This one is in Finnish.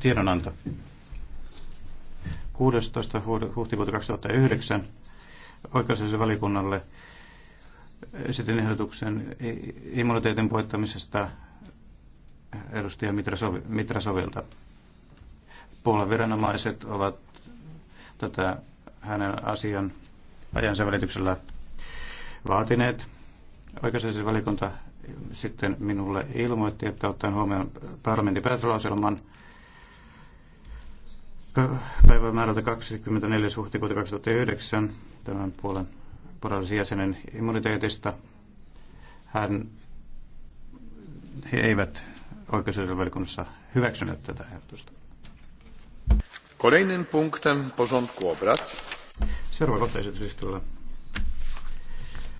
tiedonanto. 16. huhtikuuta 2009 oikeusaisen valikunnalle esitin ehdotuksen immuniteetin poittamisesta edustaja Mitrasovilta. Puolan viranomaiset ovat tätä hänen asian ajansa välityksellä vaatineet. Oikeusaisen valikunta sitten minulle ilmoitti, että ottaen huomioon parlamentin päätöslauselman päivämäärältä 24. huhtikuuta 2009 tämän puolen porallisen jäsenen immuniteetista. Hän, he eivät oikeusvaliokunnassa hyväksyneet tätä ehdotusta. Kolejnym punkten porządku obrad. Seuraava kohta esityslistalla